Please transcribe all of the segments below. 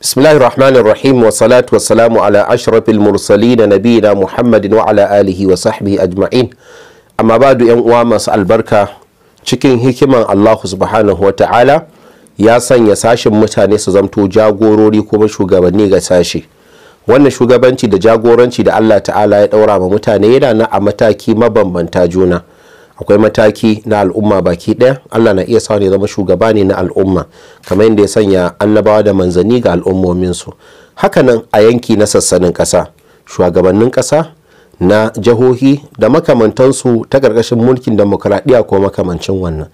bismillahir rahmanir rahim wa salatu wa salamu ala ashrafil mursalin nabiyina muhammadin wa ala alihi wa sahbihi ajma'in amma badu yan uwa masu albarka cikin hikiman Allah subhanahu wa ta'ala ya sanya sashen mutane su zamto jagorori kuma shugabanni ga sashe wannan shugabanci da jagoranci da Allah ta'ala ya daura ma mutane yana na a mataki mabambanta juna akwai mataki na al'umma baki ɗaya allah na iya sa ne zama shugaba ne na al'umma kamar yadda ya sanya annabawa da manzanni ga al'ummominsu hakanan a yanki na sassanin ƙasa shugabannin ƙasa na jihohi da makamantansu ta ƙarƙashin mulkin demokuraɗiyya ko makamancin wannan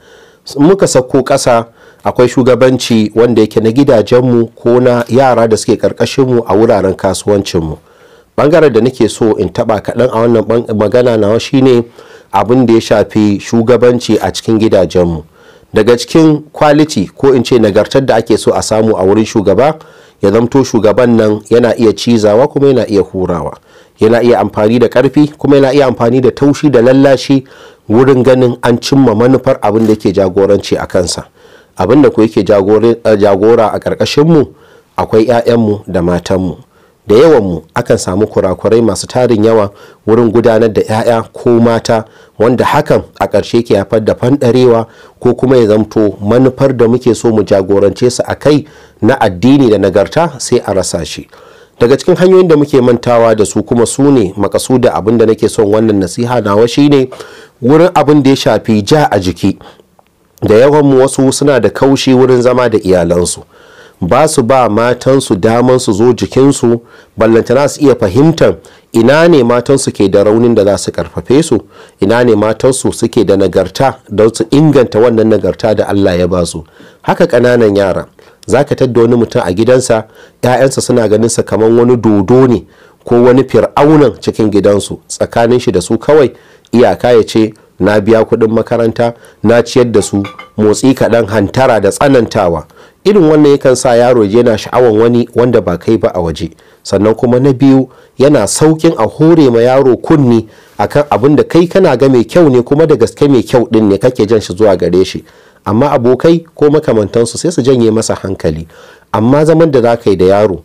muka sako ƙasa akwai shugabanci wanda yake na gidajenmu ko na yara da suke ƙarƙashinmu a wuraren kasuwancinmu bangaren da nake so in taɓa kaɗan a wannan magana nawa shine abin da ya shafi shugabanci a cikin gidajenmu daga cikin kwaliti ko in ce nagartar da ake so a samu a wurin shugaba ya zamto shugaban nan yana iya cizawa kuma yana iya hurawa yana iya amfani da karfi kuma yana iya amfani da taushi da lallashi wurin ganin an cimma manufar abin da yake jagoranci a kansa abin da ku yake jagora a ƙarƙashinmu akwai 'ya'yanmu da matanmu da yawanmu akan samu kurakurai masu tarin yawa wurin gudanar da 'ya'ya ko mata wanda hakan a ƙarshe ke haifar da fanɗarewa ko kuma ya zamto manufar da muke so mu jagorance su a kai na addini da nagarta sai a rasa shi daga cikin hanyoyin da muke mantawa da su kuma su ne makasuda abin da nake son wannan nasiha nawa shine wurin abin da ya shafi ja a jiki da yawanmu wasu suna da kaushi wurin zama da iyalansu ba su ba matansu damar su zo jikinsu ballantana su iya fahimtar ina ne matansu ke da raunin da za su karfafe su ina ne matansu suke da nagarta don su inganta wannan nagarta da allah ya ba su haka kananan yara za ka tadda wani mutum a gidansa 'ya'yansa suna ganin sa kamar wani dodo ne ko wani fir'aunan cikin gidansu tsakanin shi da su kawai iyaka ya ce na biya kuɗin makaranta na ciyar da su motsi kaɗan hantara da tsanantawa irin wannan yakan sa yaro yana sha'awan wani wanda ba kai ba a waje sannan kuma na biyu yana saukin a hore ma yaro kunni akan abin da kai kana ga mai kyau ne kuma da gaske mai kyau din ne kake jan shi zuwa gare shi amma abokai ko makamantansu sai su janye masa hankali amma zaman da za ka yi da yaro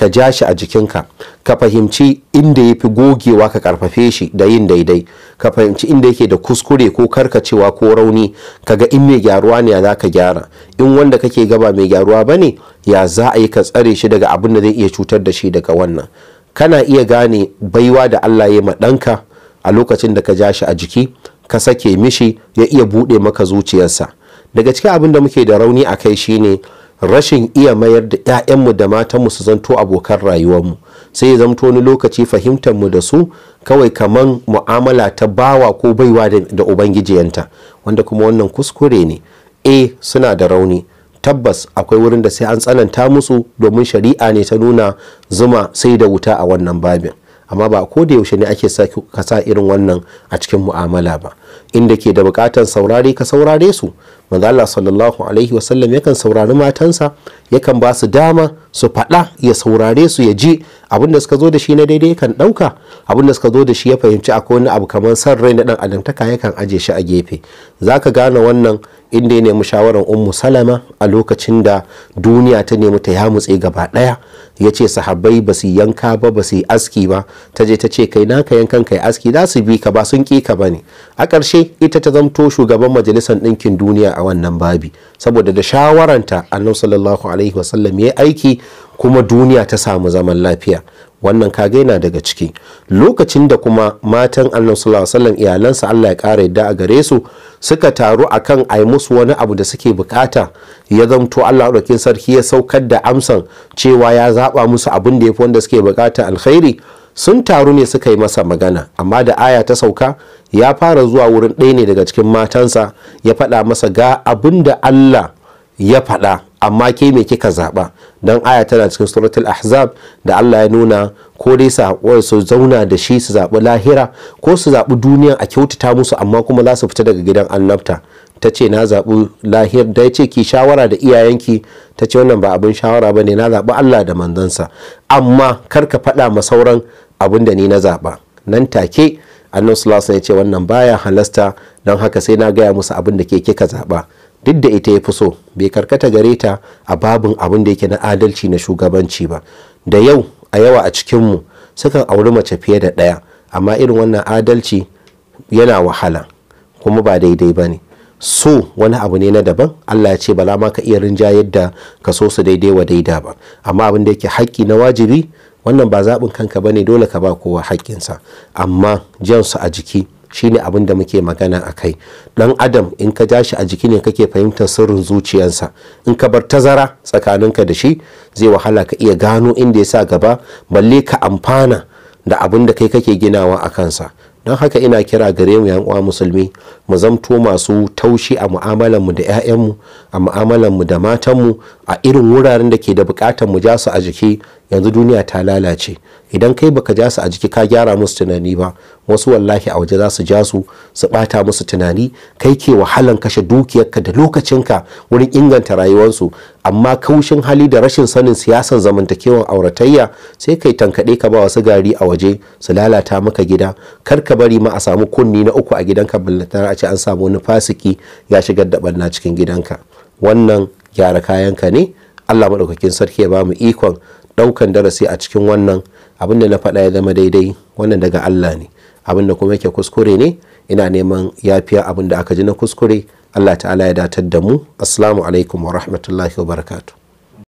ka ja shi a jikinka ka fahimci inda ya fi gogewa ka karfafe shi da yin daidai ka fahimci inda yake da kuskure ko karkacewa ko rauni ka ga in mai gyaruwa ne za ka gyara in wanda kake gaba mai gyaruwa ba ne ya za a yi ka tsare shi daga abin da zai iya cutar da shi daga wannan kana iya gane baiwa da allah ya ma ɗanka a lokacin da ka ja shi a jiki ka sake mishi ya iya buɗe maka zuciyarsa daga cikin abin da muke da rauni a kai shine ne rashin iya mayar da 'ya'yanmu da matanmu su zanto abokan rayuwarmu sai ya zamto wani lokaci fahimtarmu da su kawai kaman mu'amala ta bawa ko baiwa da ubangijiyanta wanda kuma wannan kuskure ne e suna da rauni tabbas akwai wurin da sai an tsananta musu domin shari'a ne ta nuna zuma sai da wuta a wannan babin amma ba ko da yaushe ne ake sa ka sa irin wannan a cikin mu'amala ba inda ke da bukatan saurare ka saurare su manzo Allah sallallahu alaihi wasallam yakan saurari matansa yakan ba su dama su faɗa ya saurare su ya ji Abun da suka zo da shi na daidai yakan ɗauka Abun da suka zo da shi ya fahimci akwai wani abu kamar san rai na ɗan adamtaka yakan aje shi a gefe zaka gane wannan inda ya nemi shawarar ummu salama a lokacin da duniya ta nemi ta yamutse gaba daya ya ce sahabbai ba su yanka ba ba su yi aski ba ta je ta ce kai naka yankan kai aski za su bi ka ba sun ki ka ba ne a ƙarshe ita ta zamto shugaban majalisar ɗinkin duniya a wannan babi saboda da shawaranta annabi sallallahu alaihi wasallam ya aiki kuma duniya ta samu zaman lafiya wannan kaga yana daga ciki lokacin da kuma matan annabi sallallahu alaihi wasallam iyalansa Allah ya kara yadda a gare su suka taru akan ai musu wani abu da suke bukata ya zamto Allah ɗaukin sarki ya saukar da amsan cewa ya zaba musu abin da fi wanda suke bukata alkhairi sun taru ne suka yi masa magana amma da aya ta sauka ya fara zuwa wurin ɗaya ne daga cikin matansa ya faɗa masa ga abin da Allah ya faɗa amma ke me kika zaɓa don aya tana cikin suratul ahzab da Allah ya nuna ko dai su haƙura su zauna da shi su zabi lahira ko su zabi duniya a kyautata musu amma kuma za su fita daga gidan annabta ta ce na zaɓi lahir da ya ce ki shawara da iyayenki ta ce wannan ba abin shawara ba ne na zaɓi Allah da manzansa amma kar ka faɗa ma sauran abin da ni na zaɓa nan take annabi sallallahu alaihi ya ce wannan baya halasta don haka sai na gaya musu abin da ke kika zaɓa duk da ita ya fi so bai karkata gare ta a babin abin da yake na adalci na shugabanci ba da yau a yawa a cikinmu sukan auri mace fiye da ɗaya amma irin wannan adalci yana wahala kuma ba daidai ba ne so wani abu ne na daban allah ya ce bala ma ka iya rinja da ka so su daidai wa daida ba amma abin da yake haƙƙi na wajibi wannan ba zaɓin kanka ba ne dole ka ba kowa haƙƙinsa amma jan su a jiki shine abin da muke magana a kai dan adam in ka ja shi a jiki ne kake fahimtar sirrin zuciyarsa in ka bar tazara tsakaninka da shi zai wahala ka iya gano inda ya sa gaba balle ka amfana da abin da kai kake ginawa a kansa don haka ina kira gare mu yan uwa musulmi mu zamto masu taushi a mu'amalanmu da 'ya'yanmu a mu'amalanmu da matanmu a irin wuraren da ke da bukatar mu ja su a jiki yanzu duniya ta lalace idan kai baka ja su a jiki ka gyara musu tunani ba wasu wallahi a waje za su ja su su bata musu tunani kai ke wahalan kashe dukiyarka da lokacinka wurin inganta rayuwarsu amma kaushin hali da rashin sanin siyasan zamantakewan auratayya sai kai tankaɗe ka ba wasu gari a waje su lalata maka gida kar ka bari ma a samu kunni na uku a gidanka ballatana a ce an samu wani fasiki ya shigar da ɓanna cikin gidanka wannan gyara kayanka ne allah maɗaukakin sarki ya ba mu ikon ɗaukan darasi a cikin wannan abin da na faɗa ya zama daidai wannan daga allah ne abin da kuma yake kuskure ne ina neman yafiya abin da aka ji na kuskure allah ta'ala ya datar da mu assalamu alaikum wa rahmatullahi wa barakatu